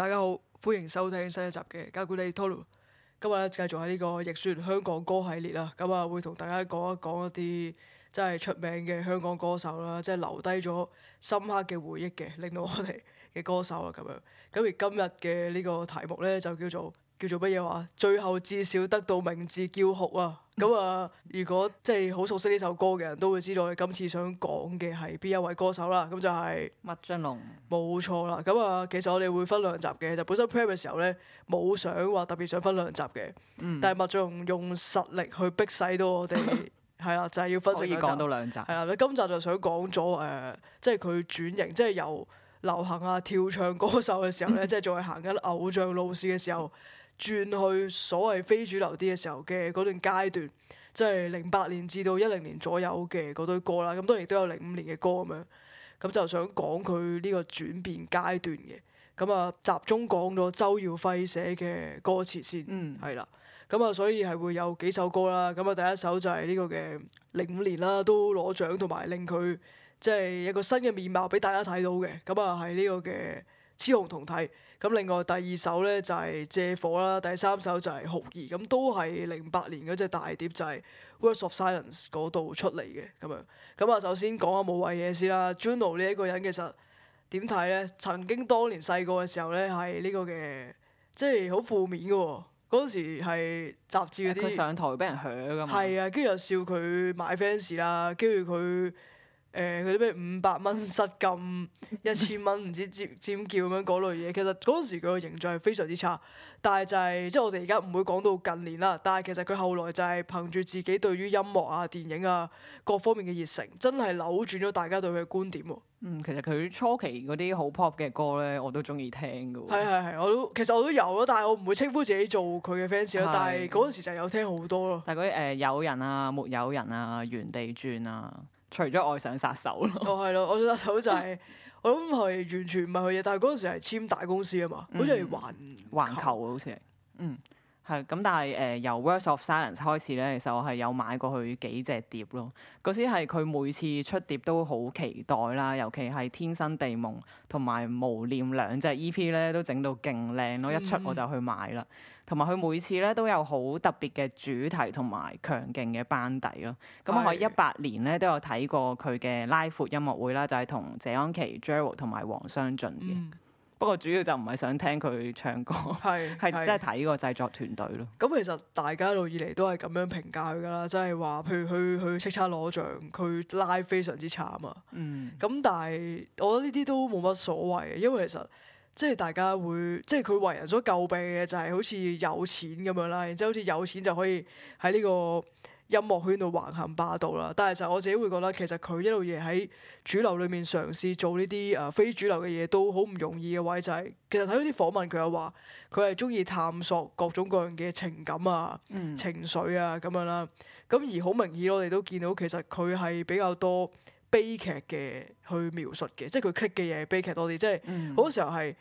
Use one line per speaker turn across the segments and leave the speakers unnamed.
大家好，歡迎收聽新一集嘅《家管理 t o，今日咧繼續喺呢個亦選香港歌系列啦，咁啊會同大家講一講一啲真係出名嘅香港歌手啦，即係留低咗深刻嘅回憶嘅，令到我哋嘅歌手啊咁樣。咁而今日嘅呢個題目咧就叫做。叫做乜嘢話？最後至少得到名字叫酷啊！咁啊，如果即係好熟悉呢首歌嘅人都會知道，今次想講嘅係邊一位歌手啦。咁就係、是、麥浚龍，冇錯啦。咁啊，其實我哋會分兩集嘅。就本身 prepare 嘅時候咧，冇想話特別想分兩集嘅。嗯、但係麥浚龍用實力去逼使到我哋，係啦， 就係、是、要分析，可以講到兩集。係啦，咁今集就想講咗誒，即係佢轉型，即、就、係、是、由流行啊跳唱歌手嘅時候咧，即係仲行緊偶像路線嘅時候。轉去所謂非主流啲嘅時候嘅嗰段階段，即係零八年至到一零年左右嘅嗰堆歌啦，咁當然都有零五年嘅歌咁樣，咁就想講佢呢個轉變階段嘅，咁啊集中講咗周耀輝寫嘅歌詞先，嗯，係啦，咁啊所以係會有幾首歌啦，咁啊第一首就係呢個嘅零五年啦，都攞獎同埋令佢即係一個新嘅面貌畀大家睇到嘅，咁啊係呢個嘅雌雄同體。咁另外第二首咧就係、是、借火啦，第三首就係、是、酷兒，咁都係零八年嗰隻大碟就係、是《Words of Silence》嗰度出嚟嘅咁樣。咁啊，首先講下冇謂嘢先啦。Juno 呢一個人其實點睇咧？曾經當年細個嘅時候咧係呢個嘅，即係好負面嘅喎、哦。嗰時係雜誌嗰啲，佢、啊、上台俾人㗎嘛。係啊，跟住又笑佢買 fans 啦，跟住佢。誒嗰啲咩五百蚊失禁，一千蚊唔知尖尖叫咁樣嗰類嘢，其實嗰陣時佢嘅形象係非常之差，但係就係、是、即係我哋而家唔會講到近年啦。但係其實佢後來就係憑住自己對於音樂啊、電影啊各方面嘅熱誠，真係扭轉咗大家對佢嘅觀點喎。嗯，其實佢初期嗰啲好 pop 嘅歌咧，我都中意聽嘅。係係係，我都其實我都有咯，但係我唔會稱呼自己做佢嘅 fans 咯是。但係嗰
陣時就有聽好多咯。但係嗰啲誒有人啊、沒有人啊、原地
轉啊。除咗愛上殺手咯， 哦，係咯，愛上殺手就係、係、我諗係完全唔係佢嘢，但係嗰陣時係簽大公司啊嘛，好似環球、嗯、環球好似，嗯。
係咁、嗯，但係誒、呃、由《Works of Silence》開始咧，其實我係有買過佢幾隻碟咯。嗰時係佢每次出碟都好期待啦，尤其係《天生地夢》同埋《無念》兩隻 EP 咧都整到勁靚咯，一出我就去買啦。同埋佢每次咧都有好特別嘅主題同埋強勁嘅班底咯。咁、嗯、我喺一八年咧都有睇過佢嘅拉闊音樂會啦，就係、是、同謝安琪、Joey 同埋黃湘俊嘅。嗯。不過主要就唔係想聽佢唱歌，係係是 真係睇個製作團
隊咯。咁其實大家一路以嚟都係咁樣評價佢㗎啦，即係話，譬如佢佢叱咤攞獎，佢 live 非常之慘啊。咁、嗯、但係我覺得呢啲都冇乜所謂嘅，因為其實即係大家會即係佢為人所詬病嘅就係好似有錢咁樣啦，然之後好似有錢就可以喺呢、這個。音樂圈度橫行霸道啦，但係其實我自己會覺得，其實佢一路嘢喺主流裏面嘗試做呢啲誒非主流嘅嘢，都好唔容易嘅。位就係、是、其實睇到啲訪問，佢又話佢係中意探索各種各樣嘅情感啊、嗯、情緒啊咁樣啦。咁而好明顯，我哋都見到其實佢係比較多悲劇嘅去描述嘅，即係佢 click 嘅嘢悲劇多啲。嗯、即係好多時候係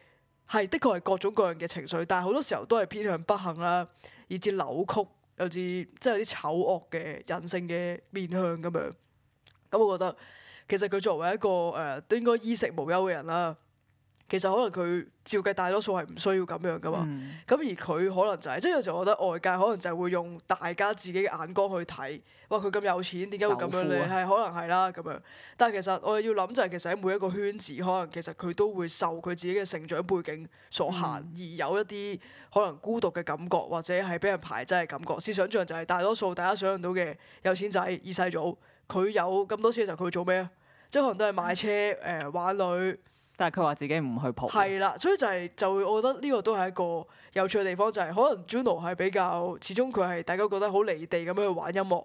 係的確係各種各樣嘅情緒，但係好多時候都係偏向不幸啦、啊，以至扭曲。有啲即係啲醜惡嘅人性嘅面向咁樣，咁我覺得其實佢作為一個誒、呃、都應該衣食無憂嘅人啦。其實可能佢照計大多數係唔需要咁樣噶嘛，咁、嗯、而佢可能就係、是、即係有時候我覺得外界可能就係會用大家自己嘅眼光去睇，哇佢咁有錢點解會咁樣咧？係首富、啊、可能係啦咁樣，但係其實我哋要諗就係、是、其實喺每一個圈子，可能其實佢都會受佢自己嘅成長背景所限，嗯、而有一啲可能孤獨嘅感覺，或者係俾人排擠嘅感覺。思想象就係大多數大家想象到嘅有錢仔二世祖，佢有咁多錢嘅時候，佢會做咩啊？即係可能都係買車誒、呃、玩女。但係佢話自己唔去蒲。係啦，所以就係、是、就我覺得呢個都係一個有趣嘅地方，就係、是、可能 Juno 係比較始終佢係大家覺得好離地咁樣去玩音樂。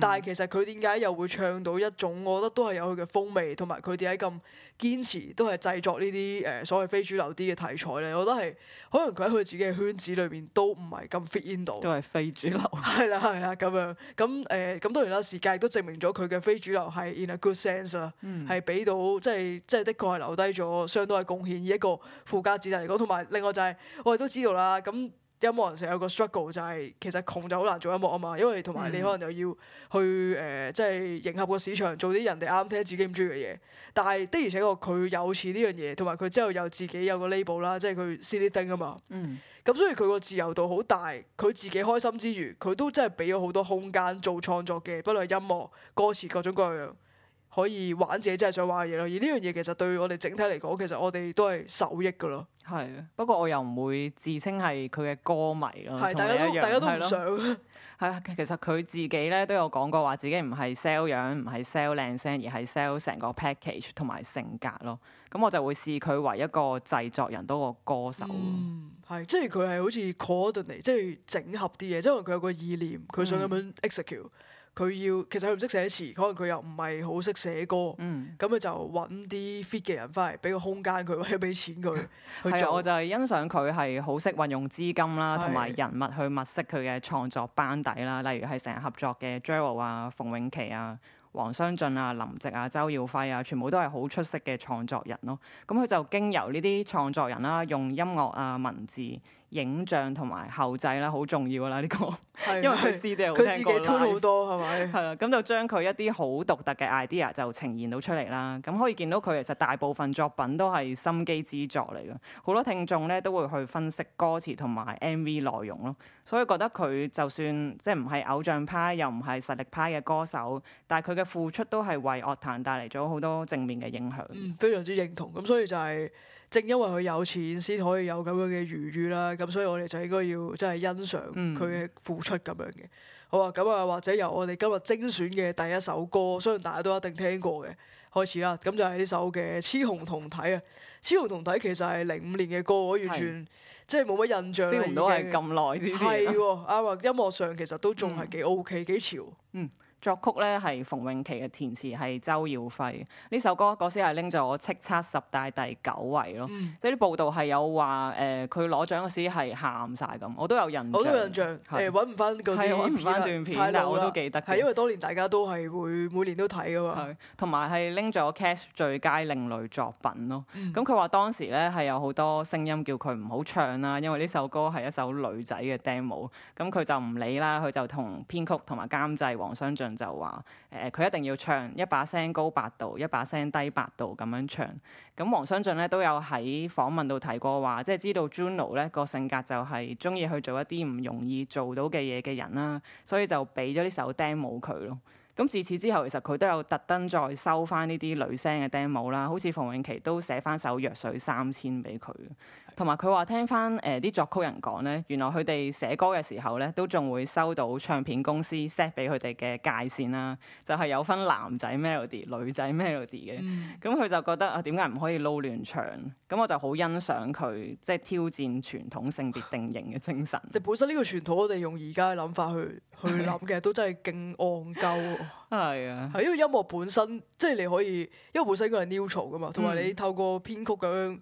但係其實佢點解又會唱到一種，我覺得都係有佢嘅風味，同埋佢點解咁堅持都係製作呢啲誒所謂非主流啲嘅題材咧，我覺得係可能佢喺佢自己嘅圈子裏邊都唔係咁 fit in 到。都係非主流、嗯。係啦，係啦，咁樣咁誒，咁、呃、當然啦，時間亦都證明咗佢嘅非主流係 in a good sense 啦、嗯，係俾到即係即係的確係留低咗相當嘅貢獻，以一個富家子弟嚟講，同埋另外就係、是、我哋都知道啦，咁。音樂人成日有個 struggle 就係其實窮就好難做音樂啊嘛，因為同埋你可能又要去誒即係迎合個市場，做啲人哋啱聽、自己唔中意嘅嘢。但係的而且確佢有錢呢樣嘢，同埋佢之後又自己有個 label 啦，即係佢 setting 啊嘛。嗯。咁所以佢個自由度好大，佢自己開心之餘，佢都真係俾咗好多空間做創作嘅，不論係音樂、歌詞各種各樣。可以玩自己真係想玩嘅嘢咯，而呢樣嘢其實對我哋整體嚟講，其實我哋都係受益㗎咯。
係啊，不過我又唔會自稱係佢嘅歌迷咯，係大家都大家都唔想。係啊，其實佢自己咧都有講過話，自己唔係 sell 樣，唔係 sell 靚聲，而係 sell 成個 package 同埋性格咯。咁我就會視佢為一個製作人多過歌手。嗯，
係，即係佢係好似 coordinate，即係整合啲嘢。即係佢有個意念，佢想咁樣 execute、嗯。佢要其實佢唔識寫詞，可能佢又唔係好識寫歌，咁佢、嗯、就揾啲 fit 嘅人翻嚟，俾個空間佢或者俾錢佢去做 我就
係欣賞佢係好識運用資金啦，同埋的人物去物色佢嘅創作班底啦。例如係成日合作嘅 Jerald 啊、馮永琪啊、黃湘俊啊、林夕啊、周耀輝啊，全部都係好出色嘅創作人咯。咁佢就經由呢啲創作人啦，用音樂啊、文字。影像同埋後製啦，好、呢個、重要啦！呢個的，因為佢自己推好多係咪？係啦的，咁就將佢一啲好獨特嘅 idea 就呈現到出嚟啦。咁 可以見到佢其實大部分作品都係心機之作嚟嘅，好多聽眾咧都會去分析歌詞同埋 MV 內容咯。所以覺得佢就算即係唔係偶像派，又唔係實力派嘅歌手，但係佢嘅付出都係為樂壇帶嚟咗好多正面嘅影響、
嗯。非常之認同。咁所以就係、是。正因為佢有錢，先可以有咁樣嘅餘裕啦。咁所以我哋就應該要真係欣賞佢嘅付出咁樣嘅。嗯、好啊，咁啊，或者由我哋今日精選嘅第一首歌，相信大家都一定聽過嘅，開始啦。咁就係呢首嘅《雌雄同體》啊，《雌雄同體》其實係零五年嘅歌，我、嗯、完全即係冇乜印象，都唔係咁耐之前。係喎，啊！音樂上其實都仲係幾 OK，幾潮。嗯。作曲咧係馮穎琪
嘅填詞係周耀輝呢首歌嗰時係拎咗叱咤十大第九位咯，嗯、即係啲報道係有話誒佢攞獎嗰時係喊晒咁，我都有印象，我都印象誒，揾唔翻嗰啲片，揾唔翻段片，但係我都記得，係因為
當年大家都係會每年
都睇㗎嘛，係，同埋係拎咗 Cash 最佳另類作品咯，咁佢話當時咧係有好多聲音叫佢唔好唱啦，因為呢首歌係一首女仔嘅 demo 咁佢就唔理啦，佢就同編曲同埋監製黃湘俊。就話誒，佢、呃、一定要唱一把聲高八度，一把聲低八度咁樣唱。咁黃雙進咧都有喺訪問度提過話，即係知道 Juno 咧個性格就係中意去做一啲唔容易做到嘅嘢嘅人啦、啊，所以就俾咗呢首 demo 佢咯。咁自此之後，其實佢都有特登再收翻呢啲女聲嘅 demo 啦，好似馮永琪都寫翻首弱水三千俾佢。同埋佢話聽翻誒啲作曲人講咧，原來佢哋寫歌嘅時候咧，都仲會收到唱片公司 set 俾佢哋嘅界線啦、啊，就係、是、有分男仔 melody mel、女仔 melody 嘅。咁佢就覺得啊，點解唔可以撈亂唱？咁我就好欣賞佢即係挑戰傳統性別定型嘅精神。 你本身呢個傳統，我
哋用而家嘅諗法去 去諗嘅，都真係勁戇鳩。
係 啊，係 因
為音樂本身即係、就是、你可以，因為本身應該係 neutral 噶嘛，同 埋樂你透過編曲咁樣。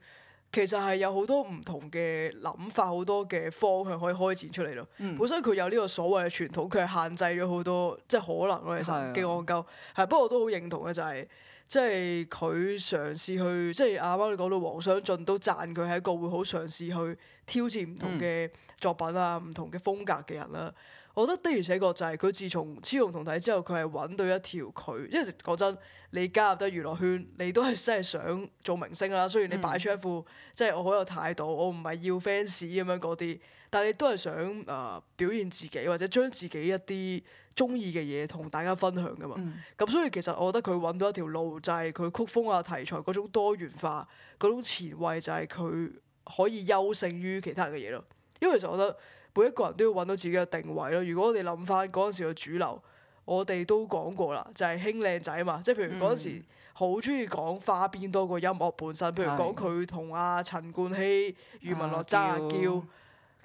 其實係有好多唔同嘅諗法，好多嘅方向可以開展出嚟咯。嗯、本身佢有呢個所謂嘅傳統，佢係限制咗好多，即係可能咯，其實幾戇鳩。係，不過我都好認同嘅就係、是，即係佢嘗試去，即係阿媽你講到王雙駿都讚佢係一個會好嘗試去挑戰唔同嘅作品啊，唔、嗯、同嘅風格嘅人啦。我覺得的而且確就係佢自從《雌雄同體》之後，佢係揾到一條佢，因為講真，你加入得娛樂圈，你都係真係想做明星啦。雖然你擺出一副即係、嗯、我好有態度，我唔係要 fans 咁樣嗰啲，但係你都係想誒、呃、表現自己，或者將自己一啲中意嘅嘢同大家分享噶嘛。咁、嗯、所以其實我覺得佢揾到一條路，就係、是、佢曲風啊、題材嗰種多元化、嗰種前衞，就係佢可以優勝於其他人嘅嘢咯。因為其實我覺得。每一個人都要揾到自己嘅定位咯。如果我哋諗翻嗰陣時嘅主流，我哋都講過啦，就係興靚仔嘛。即係譬如嗰陣時好中意講花邊多過音樂本身。嗯、譬如講佢同阿陳冠希、余文樂爭、啊、叫，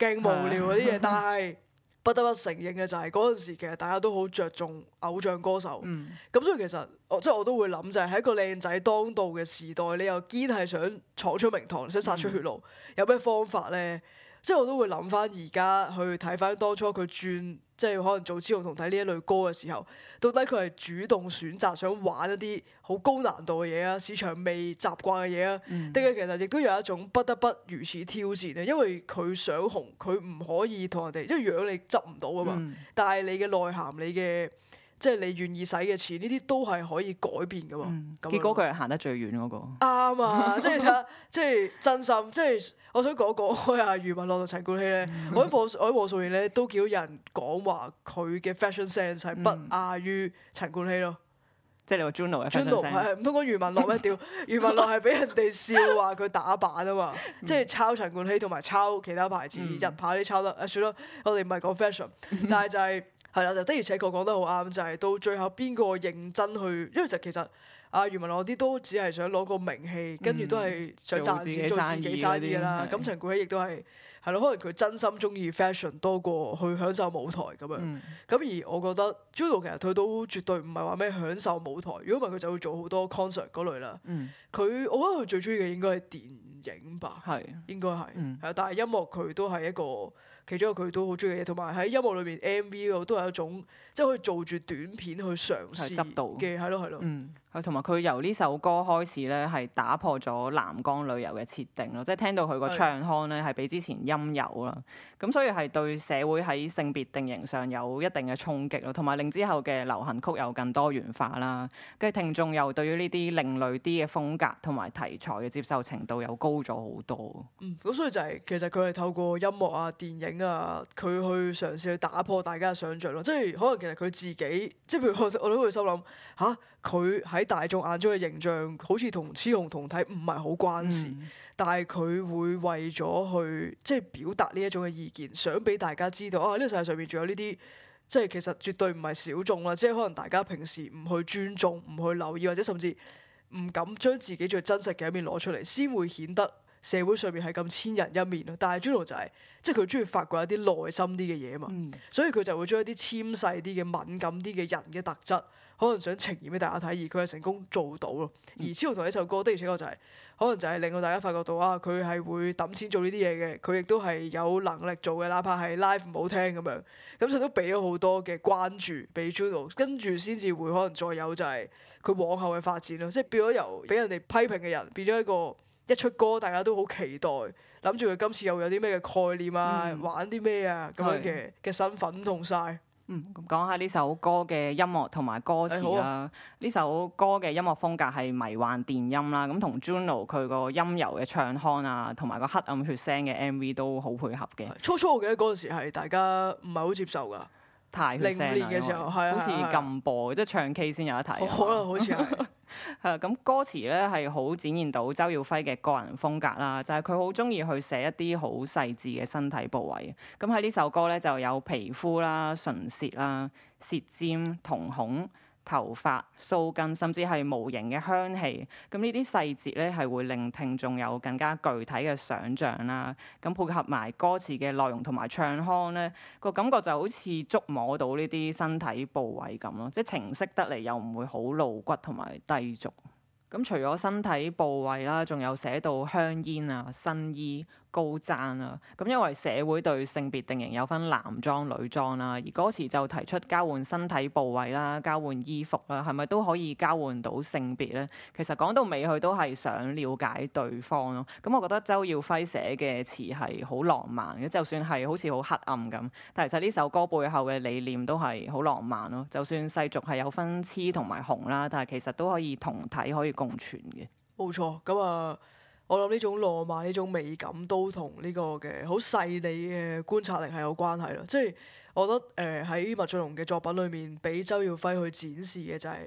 勁叫無聊嗰啲嘢。但係不得不承認嘅就係嗰陣時其實大家都好着重偶像歌手。咁、嗯、所以其實即係我都、就係、會諗就係喺一個靚仔當道嘅時代，你又堅係想闖出名堂，想殺出血路，嗯、有咩方法呢？即係我都會諗翻而家去睇翻當初佢轉，即係可能做超同睇呢一類歌嘅時候，到底佢係主動選擇想玩一啲好高難度嘅嘢啊，市場未習慣嘅嘢啊，定係、嗯、其實亦都有一種不得不如此挑戰啊？因為佢想紅，佢唔可以同人哋，因為樣你執唔到啊嘛。嗯、但係你嘅內涵，你嘅。即係你願意使嘅錢，呢啲都係可以改變噶嘛？結果
佢係行得最遠嗰個。
啱啊！即係睇下，即係真心，即係我想講講開啊余文樂同陳冠希咧。我喺網，我喺網上咧都見到有人講話佢嘅 fashion sense 係不亞於陳冠希咯。即係你話 Juno 嘅 Juno 係唔通講余文樂咩屌？余文樂係俾人哋笑話佢打板啊嘛！即係抄陳冠希同埋抄其他牌子人牌啲抄得。誒，算啦，我哋唔係講 fashion，但係就係。係啦，就的而且確講得好啱，就係、是、到最後邊個認真去，因為就其實阿、啊、余文樂啲都只係想攞個名氣，嗯、跟住都係想賺錢做自己嗰啲啦。咁的陳冠希亦都係係咯，可能佢真心中意 fashion 多過去享受舞台咁樣。咁、嗯、而我覺得 Juno 其實佢都絕對唔係話咩享受舞台，如果唔係佢就會做好多 concert 嗰類啦。佢、嗯、我覺得佢最中意嘅應該係電影吧，的應該係。係啊、嗯，但係音樂佢都係一個。其中一個佢都好中意嘅嘢，同埋喺音樂裏面 MV 個都係一種，即係可以做住短片去嘗試執導嘅，係咯，係咯。嗯，
係同埋佢由呢首歌開始咧，係打破咗男強女柔嘅設定咯，即係聽到佢個唱腔咧係比之前陰柔啦，咁的所以係對社會喺性別定型上有一定嘅衝擊咯，同埋令之後嘅流行曲又更多元化啦，跟住聽眾又對於呢啲另類啲嘅風格同埋題材嘅接受程度又高咗好多。
嗯，咁所以就係、是、其實佢係透過音樂啊、電影。啊！佢去嘗試去打破大家嘅想象咯，即係可能其實佢自己即係譬如我我都會心諗吓，佢、啊、喺大眾眼中嘅形象好似同雌雄同體唔係好關事，嗯、但係佢會為咗去即係表達呢一種嘅意見，想俾大家知道啊！呢、這個、世界上面仲有呢啲即係其實絕對唔係小眾啦，即係可能大家平時唔去尊重、唔去留意或者甚至唔敢將自己最真實嘅一面攞出嚟，先會顯得社會上面係咁千人一面，但係 Juno 就係、是。即係佢中意發掘一啲內心啲嘅嘢嘛，嗯、所以佢就會將一啲纖細啲嘅、敏感啲嘅人嘅特質，可能想呈現俾大家睇，而佢係成功做到咯。而《超龍》同呢首歌的而且確就係、是，可能就係令到大家發覺到啊，佢係會抌錢做呢啲嘢嘅，佢亦都係有能力做嘅，哪怕係 live 唔好聽咁樣，咁佢都俾咗好多嘅關注俾 Juno，跟住先至會可能再有就係佢往後嘅發展咯，即係變咗由俾人哋批評嘅人，變咗一個一出歌大家都好期待。諗住佢今次又有啲咩嘅概念啊，嗯、玩啲咩啊咁樣嘅嘅是身份唔同晒。
嗯，講下呢首歌嘅音樂同埋歌詞啦、啊。呢、欸啊、首歌嘅音樂風格係迷幻電音啦，咁同 Juno 佢個陰柔嘅唱腔啊，同埋、啊、個黑暗血腥嘅 MV 都好配合嘅。
初初嘅嗰陣時係大家唔係好接受㗎。
零五年嘅時候，係啊，好似禁播，即係唱 K 先有得睇。好啦，好似係咁。歌詞咧，係好展現到周耀輝嘅個人風格啦。就係佢好中意去寫一啲好細緻嘅身體部位。咁喺呢首歌咧就有皮膚啦、唇舌啦、舌尖、瞳孔。頭髮、鬚根，甚至係模型嘅香氣，咁呢啲細節呢，係會令聽眾有更加具體嘅想象啦。咁配合埋歌詞嘅內容同埋唱腔呢，個感覺就好似觸摸到呢啲身體部位咁咯，即係情色得嚟又唔會好露骨同埋低俗。咁除咗身體部位啦，仲有寫到香煙啊、新衣。高爭啊！咁因為社會對性別定型有分男裝女裝啦，而歌詞就提出交換身體部位啦、交換衣服啦，係咪都可以交換到性別呢？其實講到尾佢都係想了解對方咯。咁我覺得周耀輝寫嘅詞係好浪漫嘅，就算係好似好黑暗咁，但其實呢首歌背後嘅理念都係好浪漫咯。就算世俗係有分雌同埋雄啦，但係其實都可以同體可以共存嘅。
冇錯，咁啊。我諗呢種浪漫、呢種美感都同呢個嘅好細膩嘅觀察力係有關係咯。即係我覺得誒喺麥浚龍嘅作品裏面，俾周耀輝去展示嘅就係，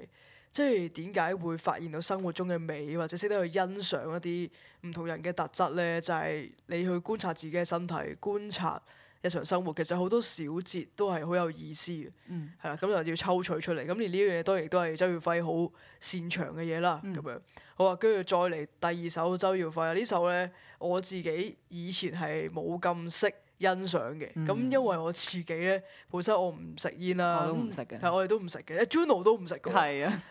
即係點解會發現到生活中嘅美，或者識得去欣賞一啲唔同人嘅特質咧？就係你去觀察自己嘅身體，觀察日常生活，其實好多小節都係好有意思嘅。嗯，係啦，咁就要抽取出嚟。咁而呢樣嘢當然亦都係周耀輝好擅長嘅嘢啦。咁、嗯、樣。好啊，跟住再嚟第二首周耀輝呢首咧，我自己以前係冇咁識欣賞嘅。咁、嗯、因為我自己咧，本身我唔食煙啦，其實我哋、嗯、都唔食嘅 Juno 都唔食嘅。係啊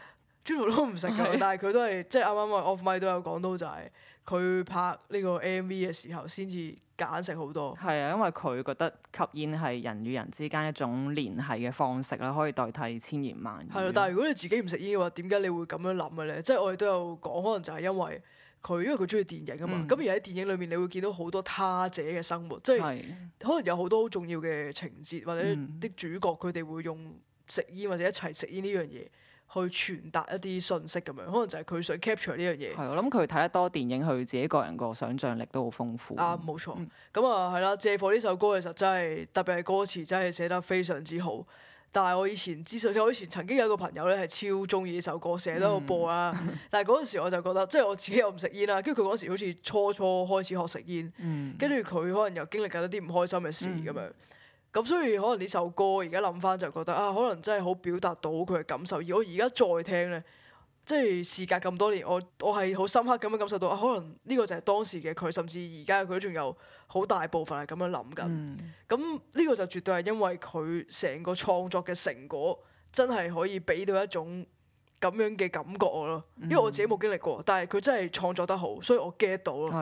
Juno 都唔食嘅， 啊、但係佢都係即係啱啱 Off My 都有講到，就係佢拍呢個 MV 嘅時候先至，夾硬食好多，係
啊，因為佢覺得吸煙係人與人之間一種聯繫嘅方式啦，可以代替千言萬語。係咯，但
係如果你自己唔食煙嘅話，點解你會咁樣諗嘅咧？即係我哋都有講，可能就係因為佢，因為佢中意電影啊嘛。咁，嗯，而喺電影裏面，你會見到好多他者嘅生活，即係可能有好多好重要嘅情節，或者啲主角佢哋會用食煙或者一齊食煙呢樣嘢。去傳達一啲信息咁樣，可能就係佢想 capture 呢樣嘢。
係，我諗佢睇得多電影，佢自己個人個想象力都好豐富。
啊，冇錯。咁啊、嗯，係啦、嗯，借火呢首歌其實真係，特別係歌詞真係寫得非常之好。但係我以前知，我以前曾經有一個朋友咧，係超中意呢首歌，寫得好播啊。嗯、但係嗰陣時我就覺得，即係我自己又唔食煙啦，跟住佢嗰陣時好似初初開始學食煙，跟住佢可能又經歷緊一啲唔開心嘅事咁樣。嗯咁所以可能呢首歌而家諗翻就覺得啊，可能真係好表達到佢嘅感受。而我而家再聽呢，即係事隔咁多年，我我係好深刻咁樣感受到啊，可能呢個就係當時嘅佢，甚至而家佢都仲有好大部分係咁樣諗緊。咁呢、嗯、個就絕對係因為佢成個創作嘅成果真係可以俾到一種咁樣嘅感覺我咯。因為我自己冇經歷過，但係佢真係創作得好，所以我 get 到咯。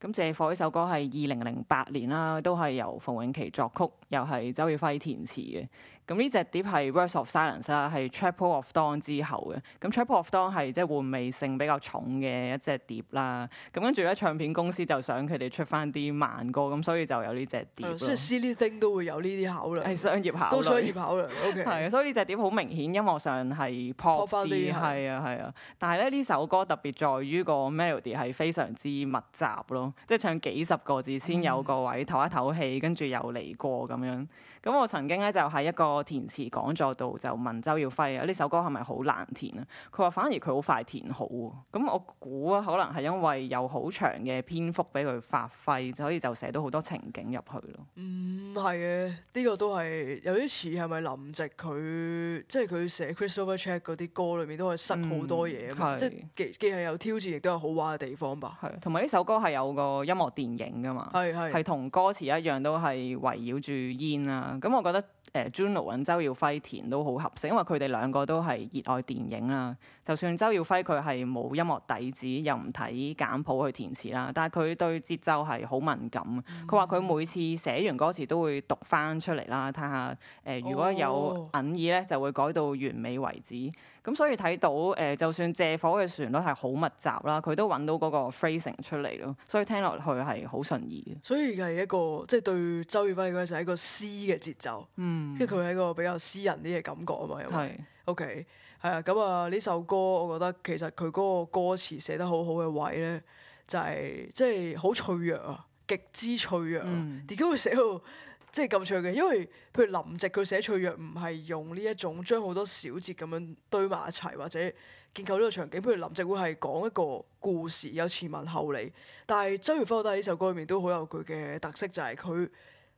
咁借火呢首歌係二零零八年啦，都係由馮穎琪作曲，又係周耀輝填詞嘅。咁呢隻碟係《Words of Silence》啦，係《Trap of Dawn》之後嘅。咁《Trap of Dawn》係即係換味性比較重嘅一隻碟啦。咁跟住咧，唱片公司就想佢哋出翻啲慢歌，咁所以就有呢隻碟咯、嗯。所以《
Splitting》都會有呢啲考慮。係商業考慮。都商業考慮。O K。係
啊，所以呢隻碟好明顯音樂上係 pop 啲，係啊係啊。但係咧，呢首歌特別在於個 melody 係非常之密集咯，即係唱幾十個字先有個位唞一唞氣，跟住、嗯、又嚟過咁樣。咁我曾經咧就喺一個填詞講座度就問周耀輝啊，呢首歌係咪好難填啊？佢話反而佢好快填好。咁我估啊，可能係因為有好長嘅篇幅俾佢發揮，所以就寫到好多情景入去咯。唔
係嘅，呢、呢個都係有啲似係咪林夕佢即係佢寫 Christopher Check 嗰啲歌裏面都係塞好多嘢，嗯、即係既既係有挑戰，亦都有好玩嘅地方吧。係
同埋呢首歌係有個音樂電影㗎嘛，係係係同歌詞一樣都係圍繞住煙啊。咁我覺得誒 Juno 揾周耀輝填都好合適，因為佢哋兩個都係熱愛電影啦。就算周耀輝佢係冇音樂底子，又唔睇簡譜去填詞啦，但係佢對節奏係好敏感。佢話佢每次寫完歌詞都會讀翻出嚟啦，睇下誒，如果有韻意咧，就會改到完美為止。咁所以睇到誒、呃，就算借火嘅旋律係好密集啦，佢都揾到嗰個 phrasing 出嚟咯，所以聽落去係好順意嘅，
所以係一個即係對周宇輝嗰陣係一個詩嘅節奏，嗯，因為佢係一個比較私人啲嘅感覺啊嘛，因為是 OK 係、嗯、啊，咁啊呢首歌我覺得其實佢嗰個歌詞寫得好好嘅位咧、就是，就係即係好脆弱啊，極之脆弱啊，點解、嗯、會寫到？即係咁趣嘅，因為譬如林夕佢寫脆弱唔係用呢一種將好多小節咁樣堆埋一齊或者建構呢個場景，譬如林夕會係講一個故事，有前文後理。但係周耀輝我覺得喺呢首歌入面都好有佢嘅特色，就係、是、佢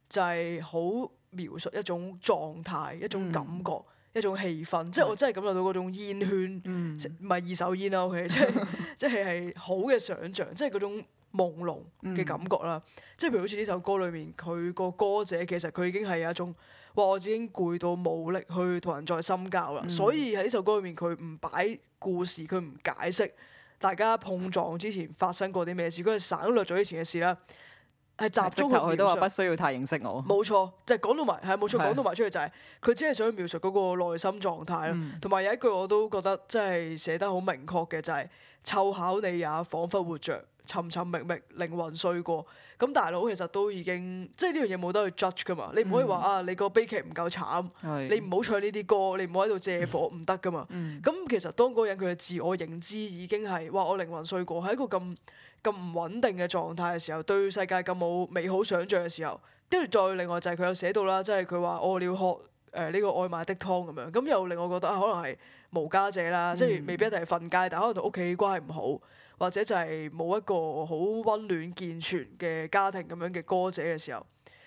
就係好描述一種狀態、一種感覺、嗯、一種氣氛。嗯、即係我真係感受到嗰種煙圈，唔係、嗯、二手煙啦。OK，即係 即係係好嘅想像，即係嗰種。朦朧嘅感覺啦，嗯、即係譬如好似呢首歌裏面，佢個歌者其實佢已經係有一種話，我已經攰到冇力去同人再深交啦。嗯、所以喺呢首歌裏面，佢唔擺故事，佢唔解釋大家碰撞之前發生過啲咩事，佢係省略咗以前嘅事啦，係集中去描述，佢都話不需
要太認識我，冇
錯即係講到埋係冇錯，講、啊、到埋出去就係佢只係想描述嗰個內心狀態同埋有一句我都覺得即係寫得好明確嘅，就係湊巧你也彷彿活着。沉沉明明靈魂碎過，咁大佬其實都已經，即係呢樣嘢冇得去 judge 㗎嘛。你唔可以話、嗯、啊，你個悲劇唔夠慘，的你唔好唱呢啲歌，你唔好喺度借火，唔得㗎嘛。咁、嗯、其實當嗰個人佢嘅自我認知已經係哇，我靈魂碎過，係一個咁咁唔穩定嘅狀態嘅時候，對世界咁冇美好想像嘅時候，跟住再另外就係佢有寫到啦，即係佢話我了學誒呢個外賣的湯咁樣，咁又令我覺得、啊、可能係無家者啦，即係未必一定係瞓街，但可能同屋企關係唔好。或者就係冇一個好温暖健全嘅家庭咁樣嘅歌者嘅時候，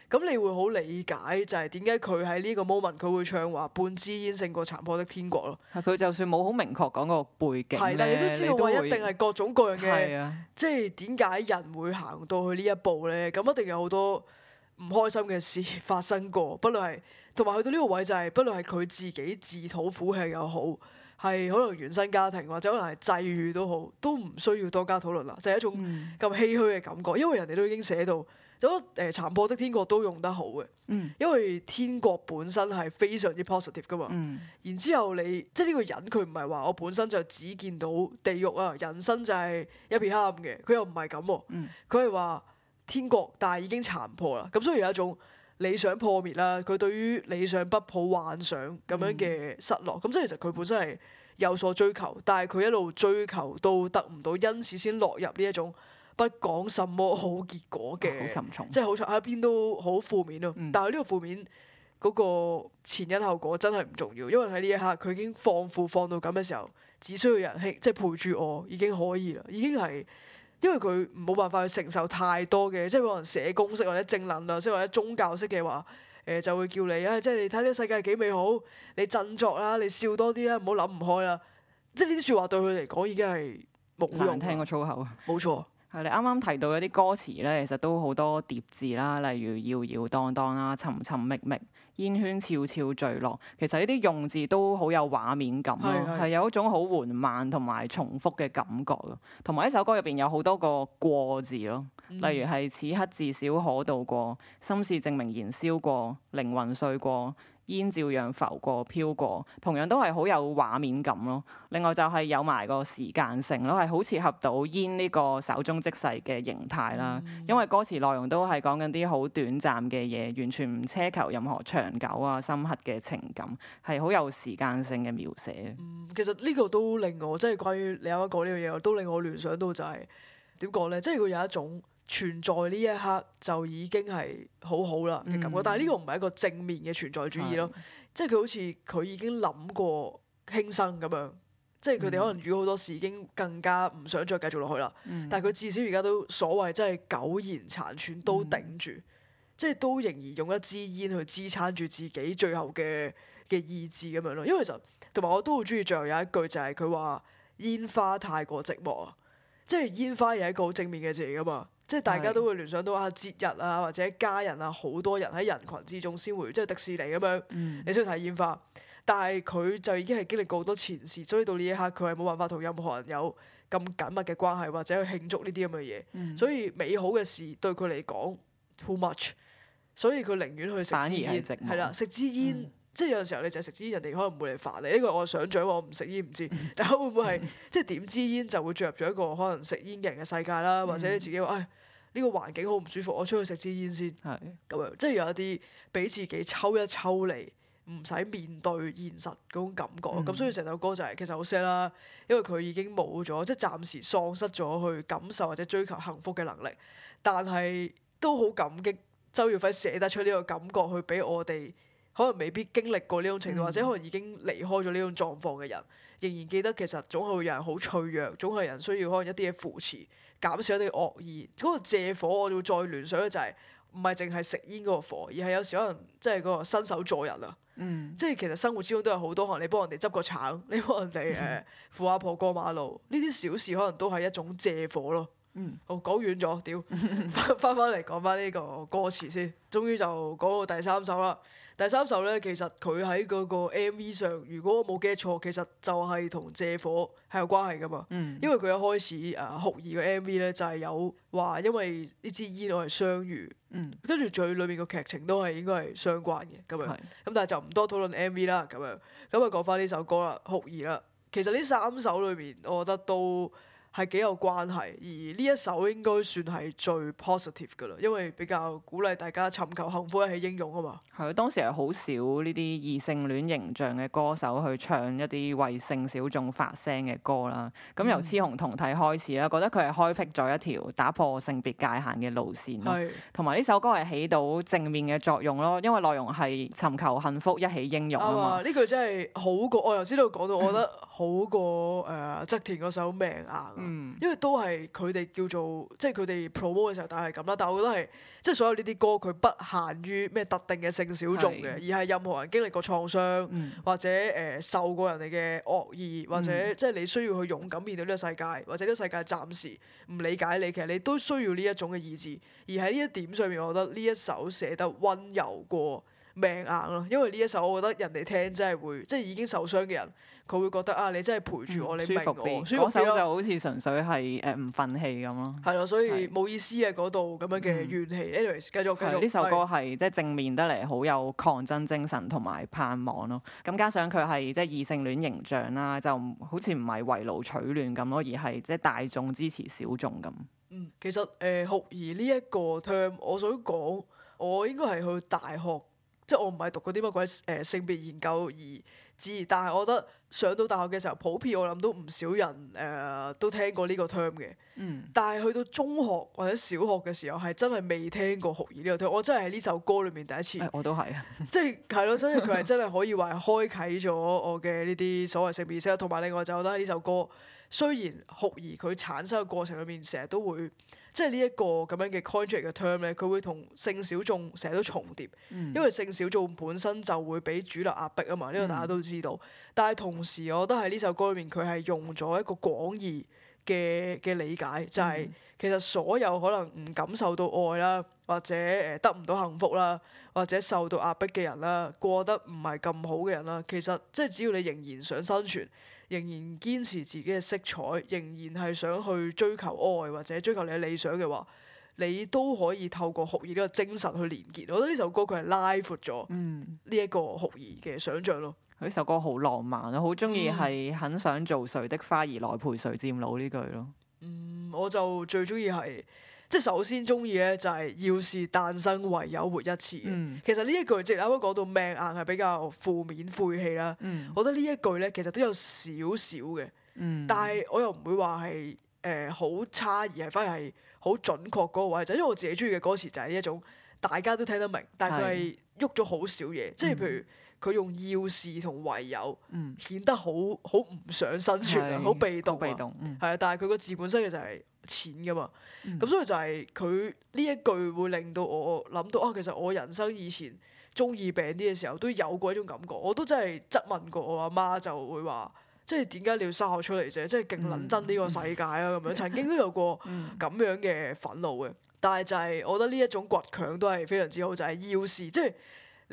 咁你會好理解就係點解佢喺呢個 moment 佢會唱話半支煙勝過殘破的天國咯。
佢就算冇好明確講個
背景係，你但你都知道一定係各種各樣嘅，即係點解人會行到去呢一步呢？咁一定有好多唔開心嘅事發生過，不論係同埋去到呢個位就係、係、不論係佢自己自討苦吃又好。係可能原生家庭或者可能係際遇都好，都唔需要多加討論啦。就係一種咁唏噓嘅感覺，因為人哋都已經寫到，咁誒殘破的天國都用得好嘅，嗯、因為天國本身係非常之 positive 噶嘛。嗯、然之後你即係呢個人佢唔係話我本身就只見到地獄啊，人生就係一片黑暗嘅，佢又唔係咁。佢係話天國，但係已經殘破啦。咁所以有一種。理想破滅啦，佢對於理想不抱幻想咁樣嘅失落，咁、嗯、即係其實佢本身係有所追求，但係佢一路追求都得唔到，因此先落入呢一種不講什麼好結果嘅，嗯、即係好在喺邊都好負面咯。嗯、但係呢個負面嗰個前因後果真係唔重要，因為喺呢一刻佢已經放負放到咁嘅時候，只需要人氣即係陪住我已經可以啦，已經係。因為佢冇辦法去承受太多嘅，即係可能社工式或者正能量式或者宗教式嘅話，誒、呃、就會叫你啊，即係你睇呢個世界係幾美好，你振作啦，你笑多啲啦，唔好諗唔開啦。即係呢啲説話對佢嚟講已經係冇用。難聽過粗口啊！冇錯。係你啱啱提到一啲歌詞
咧，其實都好多疊字啦，例如搖搖盪盪啊、尋尋覓覓、煙圈悄悄墜落。其實呢啲用字都好有畫面感咯，係是有一種好緩慢同埋重複嘅感覺咯。同埋呢首歌入邊有好多個過字咯，嗯、例如係此刻至少可渡過，心事證明燃燒過，靈魂碎過。煙照樣浮過漂過，同樣都係好有畫面感咯。另外就係有埋個時間性咯，係好似合到煙呢個手中即逝嘅形態啦。因為歌詞內容都係講緊啲好短暫嘅嘢，完全唔奢求任何長久啊、深刻嘅情感，係好有時間性嘅描寫。嗯，
其實呢個都令我即係關於你啱啱講呢樣嘢，都令我聯想到就係點講呢？即係佢有一種。存在呢一刻就已經係好好啦嘅感覺，嗯、但係呢個唔係一個正面嘅存在主義咯，是的 即係佢好似佢已經諗過輕生咁樣，嗯、即係佢哋可能遇到好多事已經更加唔想再繼續落去啦。嗯、但係佢至少而家都所謂真係苟延殘喘都頂住，嗯、即係都仍然用一支煙去支撐住自己最後嘅嘅意志咁樣咯。因為其實同埋我都好中意最後有一句就係佢話煙花太過寂寞啊，即係煙花又係一個好正面嘅字嚟噶嘛。即係大家都會聯想到啊節日啊或者家人啊，好多人喺人群之中先會即係迪士尼咁樣，嗯、你需要睇煙花，但係佢就已經係經歷過好多前事，追到呢一刻佢係冇辦法同任何人有咁緊密嘅關係或者去慶祝呢啲咁嘅嘢，嗯、所以美好嘅事對佢嚟講 too much，所以佢寧願去食支煙，係啦食支煙，嗯、即係有陣時候你就係食支煙，人哋可能唔會嚟煩你，呢個我想像我唔食煙唔知，嗯、但係會唔會係、嗯、 即係點支煙就會進入咗一個可能食煙嘅人嘅世界啦，或者你自己話呢個環境好唔舒服，我出去食支煙先，咁樣的即係有一啲俾自己抽一抽嚟，唔使面對現實嗰種感覺。咁、嗯、所以成首歌就係、是、其實好 sad 啦，因為佢已經冇咗，即係暫時喪失咗去感受或者追求幸福嘅能力。但係都好感激周耀輝寫得出呢個感覺，去俾我哋。可能未必經歷過呢種情況，或者可能已經離開咗呢種狀況嘅人，仍然記得其實總係會有人好脆弱，總係人需要可能一啲嘅扶持，減少一啲惡意。嗰、嗰個借火我會再聯想咧、就係，就係唔係淨係食煙嗰個火，而係有時可能即係個伸手助人啊。嗯、即係其實生活之中都有好多可能，你幫人哋執個橙，你幫人哋誒扶阿婆過馬路，呢啲小事可能都係一種借火咯。哦、嗯，好，講遠咗，屌，翻翻嚟講翻呢個歌詞先，終於就講到第三首啦。第三首咧，其實佢喺嗰個 MV 上，如果我冇記錯，其實就係同《借火》係有關係噶嘛。嗯因、呃就是。因為佢一開始誒酷兒嘅 MV 咧，就係有話因為呢支煙我係相遇。嗯。跟住最裏面個劇情都係應該係相關嘅咁樣。係是。咁、嗯、但係就唔多討論 MV 啦，咁樣咁啊，講翻呢首歌啦，酷兒啦。其實呢三首裏面，我覺得都。係幾有關係，而呢一首應該算係最 positive 嘅啦，因為比較鼓勵大家尋求幸福一起英勇啊嘛。
係啊，當時係好少呢啲異性戀形象嘅歌手去唱一啲為性小眾發聲嘅歌啦。咁由雌雄同體開始啦，嗯、覺得佢係開闢咗一條打破性別界限嘅路線。同埋呢首歌係起到正面嘅作用咯，因為內容係尋求幸福一起英勇啊嘛。呢、
啊啊、句真係好過，我由知道講到，我覺得好過誒，側、 呃、田嗰首命硬。因為都係佢哋叫做，即係佢哋 promote 嘅時候，但係咁啦。但係我覺得係，即係所有呢啲歌，佢不限於咩特定嘅性小眾嘅，的而係任何人經歷過創傷，嗯、或者誒、呃、受過人哋嘅惡意，或者即係你需要去勇敢面對呢個世界，或者呢個世界暫時唔理解你，其實你都需要呢一種嘅意志。而喺呢一點上面，我覺得呢一首寫得温柔過命硬咯。因為呢一首，我覺得人哋聽真係會，即係已經受傷嘅人。佢會覺得啊，你真係陪住我，你明我舒服啲嗰首就好
似純粹係誒唔忿氣咁咯。
係咯，所以冇意思嘅嗰度咁樣嘅怨氣。Eros 繼續繼續。呢首歌係
即係正面得嚟，好有抗爭精神同埋盼望咯。咁加上佢係即係異性戀形象啦，就好似唔係圍爐取暖咁咯，而係即係大眾支持小眾咁。嗯，
其實誒酷兒呢一個 term，我想講，我應該係去大學，即係我唔係讀嗰啲乜鬼誒性別研究而。但係我覺得上到大學嘅時候，普遍我諗都唔少人誒、呃、都聽過呢個 term 嘅。嗯。但係去到中學或者小學嘅時候，係真係未聽過酷兒呢個 term、嗯。我真係喺呢首歌裏面第一次。哎、我都係啊。即係係咯，所以佢係真係可以話開啟咗我嘅呢啲所謂性別意識，同埋另外就覺得呢首歌雖然酷兒佢產生嘅過程裏面，成日都會。即係呢一個咁樣嘅 contract 嘅 term 咧，佢會同性小眾成日都重疊，嗯、因為性小眾本身就會俾主流壓迫啊嘛，呢、這個大家都知道。嗯、但係同時，我覺得喺呢首歌裏面，佢係用咗一個廣義嘅嘅理解，就係、是、其實所有可能唔感受到愛啦，或者誒得唔到幸福啦，或者受到壓迫嘅人啦，過得唔係咁好嘅人啦，其實即係只要你仍然想生存。仍然堅持自己嘅色彩，仍然係想去追求愛或者追求你嘅理想嘅話，你都可以透過酷兒呢個精神去連結。我覺得呢首歌佢係拉闊咗呢一個酷兒嘅想像咯。佢、嗯、首歌好浪漫啊，好中意係很想做誰的花
兒來陪誰佔老呢句咯。嗯，
我就最中意係。即係首先中意咧，就係、是、要是誕生，唯有活一次。嗯、其實呢一句，即係啱啱講到命硬係比較負面、晦氣啦。嗯、我覺得呢一句咧，其實都有少少嘅，嗯、但係我又唔會話係誒好差，而係反而係好準確嗰個位。就因為我自己中意嘅歌詞就係一種大家都聽得明，但佢係喐咗好少嘢。嗯、即係譬如佢用要事同唯有，嗯、顯得好好唔想生存好、嗯、被動啊，係啊、嗯。但係佢個字本身其實係。錢㗎嘛，咁、嗯嗯、所以就係佢呢一句會令到我諗到啊，其實我人生以前中二病啲嘅時候都有過一種感覺，我都真係質問過我阿媽，媽就，就會話即係點解你要生我出嚟啫？即係勁撚憎呢個世界啊咁樣， 曾經都有過咁樣嘅憤怒嘅，但係就係我覺得呢一種倔強都係非常之好，就係、是、要事、就是即係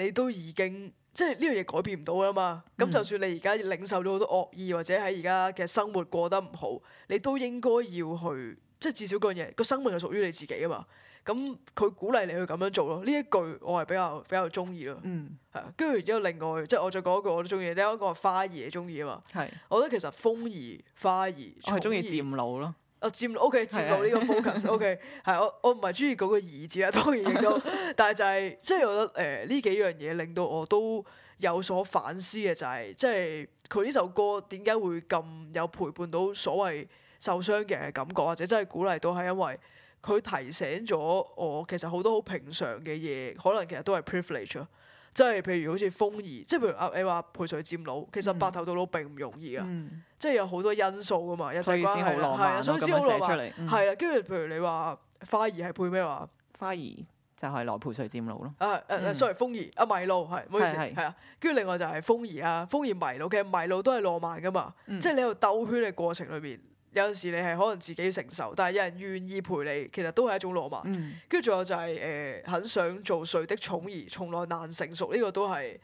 你都已經。即係呢樣嘢改變唔到噶嘛，咁就算你而家領受咗好多惡意，或者喺而家嘅生活過得唔好，你都應該要去，即係至少嗰樣嘢，個生命係屬於你自己啊嘛。咁佢鼓勵你去咁樣做咯。呢一句我係比較比較中意咯，嗯、係啊。跟住然之後，另外即係我再講一個我都中意，你啱講話花兒中意啊嘛。係，我覺得其實風兒、花兒、草兒，我係中意漸老咯。我佔 OK 佔到呢個 focus OK，係我我唔係中意嗰個字啊，當然亦都但係就係、是、即係我覺得誒呢、呃、幾樣嘢令到我都有所反思嘅就係、是、即係佢呢首歌點解會咁有陪伴到所謂受傷嘅感覺或者真係鼓勵到，係因為佢提醒咗我其實好多好平常嘅嘢可能其實都係 privilege 啊。即係譬如好似風兒，即係譬如啊，你話陪誰漸老，其實白頭到老並唔容易啊，嗯、即係有好多因素噶嘛，人際關係啊，係啊，所以先好浪漫咯，咁樣寫出嚟，係、嗯、啦。跟住譬如你話花兒係配咩話？花兒
就係來陪誰漸老咯。
啊啊 sorry，風兒啊迷路係，唔好意思係啊。跟住的的另外就係風兒啊，風兒迷路，其實迷路都係浪漫噶嘛，嗯、即係你喺度兜圈嘅過程裏邊。有陣時你係可能自己承受，但係有人願意陪你，其實都係一種浪漫。跟住仲有就係誒、呃，很想做誰的寵兒，從來難成熟呢個都係，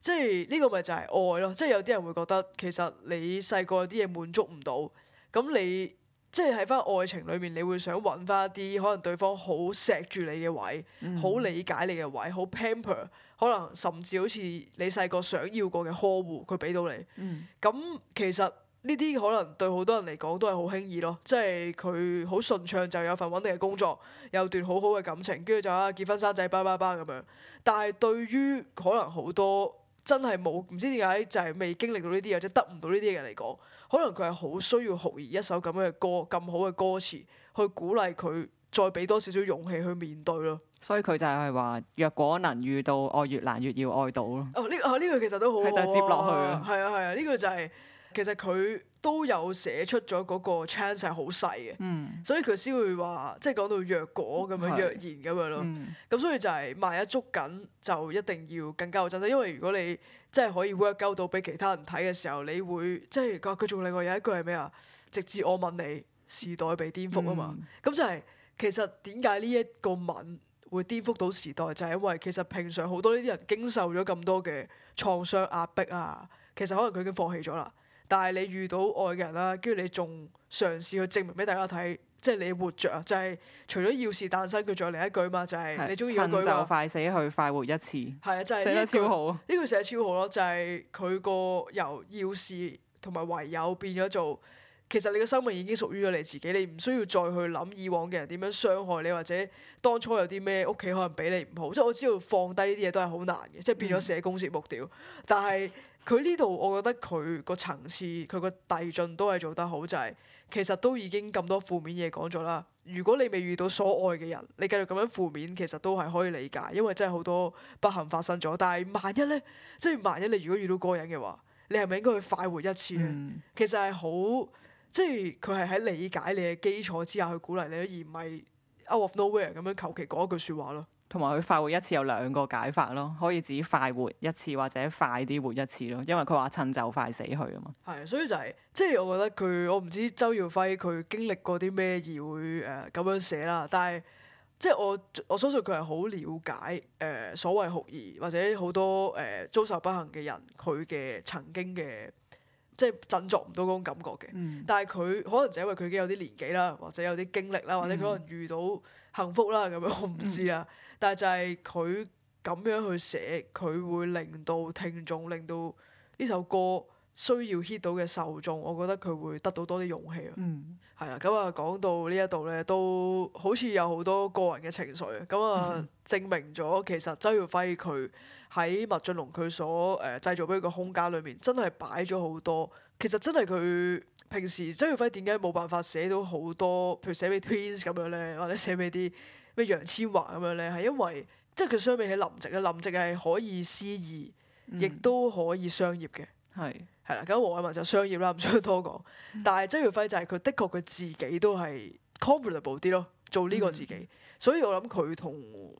即係呢個咪就係愛咯。即係有啲人會覺得其實你細個有啲嘢滿足唔到，咁你即係喺翻愛情裏面，你會想揾翻一啲可能對方好錫住你嘅位，好、嗯、理解你嘅位，好 pamper，可能甚至好似你細個想要過嘅呵護。佢俾到你。咁、嗯、其實。呢啲可能對好多人嚟講都係好輕易咯，即係佢好順暢就有份穩定嘅工作，有段好好嘅感情，跟住就啊結婚生仔，叭叭叭咁樣。但係對於可能好多真係冇唔知點解就係未經歷到呢啲嘢，即得唔到呢啲嘢嘅人嚟講，可能佢係好需要酷。而一首咁樣嘅歌，咁好嘅歌詞去鼓勵佢，再俾多少少勇氣去面對咯。
所以佢就係話：若果能遇到愛，越難越要愛到
咯。哦，呢啊呢、這個其實都好，佢就係接落去啊。係啊係啊，呢、啊這個就係、是。其實佢都有寫出咗嗰個 chance 係好細嘅，嗯、所以佢先會話即係講到若果咁樣是若然咁樣咯。咁、嗯、所以就係萬一捉緊，就一定要更加珍惜。因為如果你即係可以 work out 到畀其他人睇嘅時候，你會即係佢仲另外有一句係咩啊？直至我問你，時代被顛覆啊嘛。咁、嗯、就係、是、其實點解呢一個吻會顛覆到時代，就係、是、因為其實平常好多呢啲人經受咗咁多嘅創傷壓迫啊。其實可能佢已經放棄咗啦。但係你遇到愛嘅人啦，跟住你仲嘗試去證明俾大家睇，即係你活着，啊！就係、是、除咗要事誕生，佢仲有另一句嘛，就係、是、你鍾意句話。趁就快
死去，快活一次。
係啊，就係呢句寫得超好。呢句寫超好咯，就係佢個由要事同埋唯有變咗做，其實你嘅生命已經屬於咗你自己，你唔需要再去諗以往嘅人點樣傷害你，或者當初有啲咩屋企可能俾你唔好。即係我知道放低呢啲嘢都係好難嘅，即、就、係、是、變咗寫公事簿屌，嗯、但係。佢呢度，我覺得佢個層次、佢個遞進都係做得好，就係其實都已經咁多負面嘢講咗啦。如果你未遇到所愛嘅人，你繼續咁樣負面，其實都係可以理解，因為真係好多不幸發生咗。但係萬一呢，即係萬一你如果遇到過癮嘅話，你係咪應該去快活一次呢？嗯、其實係好，即係佢係喺理解你嘅基礎之下去鼓勵你，而唔係 out of nowhere 咁樣求其講一句説話咯。
同埋佢快活一次有兩個解法咯，可以自己快活一次或者快啲活一次咯，因為佢話趁就快死去啊嘛。
係，所以就係、是、即係我覺得佢，我唔知周耀輝佢經歷過啲咩而會誒咁、呃、樣寫啦。但係即係我我相信佢係好了解誒、呃、所謂酷兒或者好多誒、呃、遭受不幸嘅人佢嘅曾經嘅即係振作唔到嗰種感覺嘅。嗯、但係佢可能就因為佢已經有啲年紀啦，或者有啲經歷啦，或者佢可能遇到幸福啦，咁樣我唔知啦、嗯。但就係佢咁樣去寫，佢會令到聽眾，令到呢首歌需要 hit 到嘅受眾，我覺得佢會得到多啲勇氣咯。嗯，係啦。咁啊，講到呢一度咧，都好似有好多個人嘅情緒。咁啊、嗯哼，證明咗其實周耀輝佢喺麥浚龍佢所誒製造俾佢個空間裏面，真係擺咗好多。其實真係佢平時周耀輝點解冇辦法寫到好多，譬如寫俾 Twins 咁樣咧，或者寫俾啲。咩楊千嬅咁樣咧，係因為即係佢相比起林夕咧，林夕係可以詩意，亦都可以商業嘅。係係啦，咁黃偉文就商業啦，唔需要多講。嗯、但係周耀輝就係佢的確佢自己都係 comparable 啲咯，做呢個自己。嗯、所以我諗佢同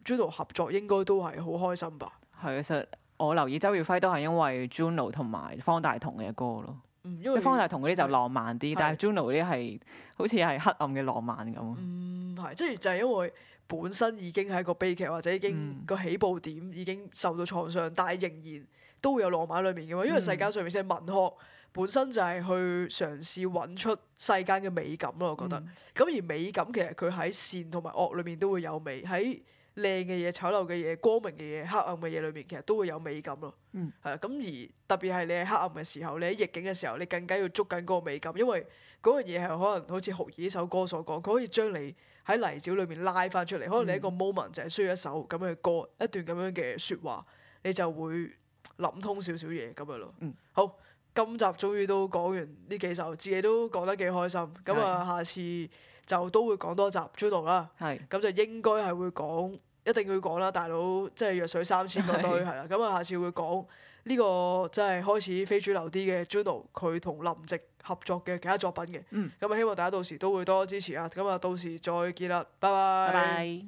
Juno 合作應該都係好開心吧。係
其實我留意周耀輝都係因為 Juno 同埋方大同嘅歌咯。
因為方大
同嗰啲就浪漫啲，但係 Juno 嗰啲係好似係黑暗嘅浪漫咁。嗯，
係即係就係、是、因為。本身已經係一個悲劇，或者已經個、嗯、起步點已經受到創傷，但係仍然都會有浪漫裏面嘅嘛。因為世界上面先文學、嗯、本身就係去嘗試揾出世間嘅美感咯，我覺得。咁、嗯、而美感其實佢喺善同埋惡裏面都會有美，喺靚嘅嘢、醜陋嘅嘢、光明嘅嘢、黑暗嘅嘢裏面，其實都會有美感咯。嗯，係咁、啊、而特別係你喺黑暗嘅時候，你喺逆境嘅時候，你更加要捉緊嗰個美感，因為嗰樣嘢係可能好似《酷兒》呢首歌所講，佢可以將你。喺泥沼裏面拉翻出嚟，可能你一個 moment、嗯、就係需要一首咁樣嘅歌，一段咁樣嘅説話，你就會諗通少少嘢咁樣咯。嗯、好，今集終於都講完呢幾首，自己都講得幾開心。咁啊，下次就都會講多集 Juno 啦。係，咁就應該係會講，一定要講啦，大佬即係、就是、弱水三千咁多堆係啦。咁啊的的，下次會講。呢個即係開始非主流啲嘅 Juno，佢同林夕合作嘅其他作品嘅，咁啊、嗯、希望大家到時都會多多支持啊！咁啊到時再見啦，拜拜。拜拜。